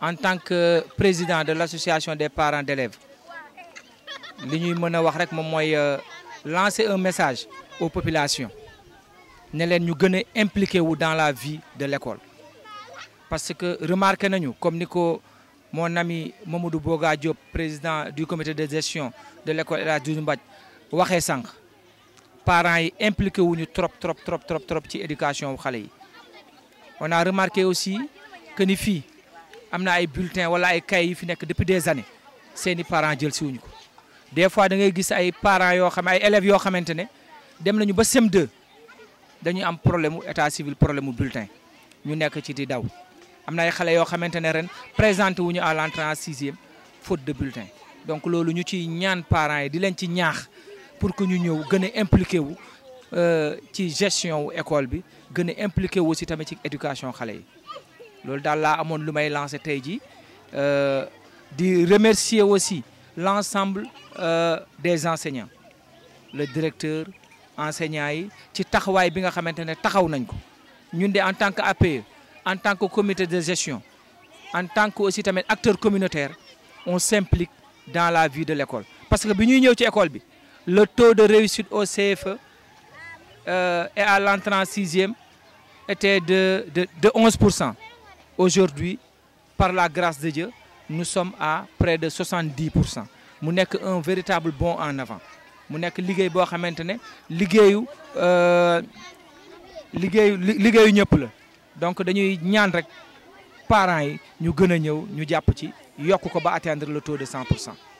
en tant que président de l'association des parents d'élèves, je li euh, lancer un message aux populations Nous sommes ñu impliqués dans la vie de l'école. parce que remarquez-nous, comme mon ami Mamoudou Boga Diop président du comité de gestion de l'école de El Hadj parents sont impliqués dans l'éducation trop trop trop trop trop on a remarqué aussi que ni fii am na ay bulletins wala ay kay yi fi nekk depuis des années seeni parents jël si wuñu des fois da ngay gis ay parents yoo xam ay élèves yoo xamante ne dem nañu ba CM2 dañuy am problème mu état civil problème mu bulletin ñu nekk ci di daw am na ay xale yoo xamante ne ren présenté wuñu à l'entrée en sixième faute de bulletin donc loolu ñu ci ñaan parents yi di leen ci ñaax pour que ñu ñëw gën a impliqué wu euh, ci gestion wu école bi gëna impliqué wu si tamit ci éducation xalé yi loolu dal la amone lumay lancer lancé ji euh di remercier aussi l'ensemble euh, des enseignants le directeur enseignants yi ci taxaway bi nga xamantene taxaw nañ ko ñun en tant que e, en tant que comité de gestion en tant que aussi tamit acteur communautaire on s'implique dans la vie de l'école parce que biñuy ñëw ci école bi le taux de réussite au CFE euh, et à l'entrée en sixième était de, de, 11%. Aujourd'hui, par la grâce de Dieu, nous sommes à près de 70%. Nous n'avons un véritable bond en avant. Nous sommes liggéey ligue xamante ne liggéeyu euh, liggéeyu liggéeyu ligue la donc nous ñaan rek parents yi ñu nous ñëw ñu ci atteindre le taux de 100